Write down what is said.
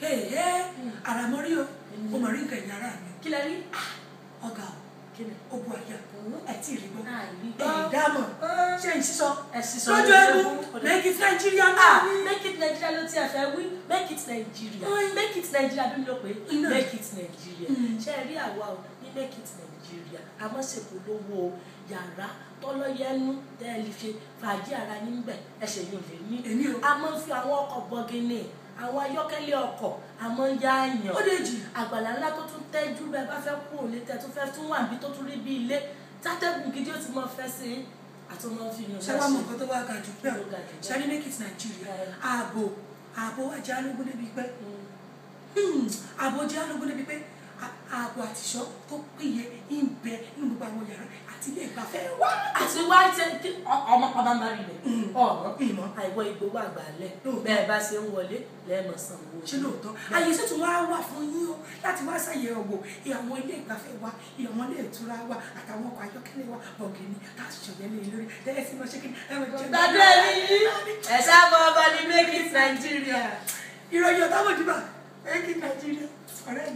ẹ̀ẹ́ àràmọ́rí hmm. o hmm. mo mọ̀ rí nǹkan ẹ̀yìn ara mi. kí la rí. Ah, ọ̀gá o ó bu àyà àti ìrìgbọ́ ìdámọ̀ ah, ah. ṣé n sísọ lójú ẹkún make it Nigeria náà. make it Nigeria ló ti ẹ̀fẹ̀ wí make it Nigeria make it Nigeria bí ló pé make it Nigeria hmm. ṣe rí àwa o ní make it Nigeria àmọ́ ṣèpolówó yàrá tọ́lọ́yẹ́nu tẹ́lifíṣe fàájì ara yín bẹ̀ ẹ̀ṣẹ̀ yìí lè ní. a máa ń fi àwọn ọkọ̀ bọ́gínì àwọn ayọ́kẹ́lẹ́ ọkọ̀ àmọ́ ń yá àyàn ó lè jì àgbàlá ńlá tó tún tẹ́jú bẹ́ẹ̀ bá fẹ́ kú òní tẹ́ tó fẹ́ tún wà níbi tó tún rí bí ilé tátẹ́gùn gidi ó ti mọ fẹ́ sí i àtọmọ fi yàn ṣáwá mọ nǹkan tó wá ga jù pé ṣáà make it Nigeria ààbò ààbò ajé alógún débi pé hmm. Hmm. ààbò ajé alógún débi pé ààbò àtìṣọ́ tó péye àti ilé ìgbafẹ́ wá àti wá ṣe ọmọ ọmọ máa rí rẹ̀ mm. ọ̀rọ̀ ìmọ̀ àìwọ ìgbowó àgbàlẹ̀ bẹ́ẹ̀ bá ṣe ń wọlé lẹ́ẹ̀mọ̀ sanwó. ṣé lóòótọ́ àyè sì tún wá wà fún yín o láti wá ṣàyẹ̀wò ìyàwọn ilé ìgbafẹ́ wa ìyàwọn ilé ìtura wa àtàwọn ọkọ̀ ayọ́kẹ́lẹ́ wa bọ̀gìnì láti ṣọ̀yẹ́lẹ̀ lórí ẹ sì máa ṣe kí ẹ máa jẹ́ gbàdúrà yìí ẹ̀ sábà ọba ní make it Nigeria ìròyìn ọ̀tá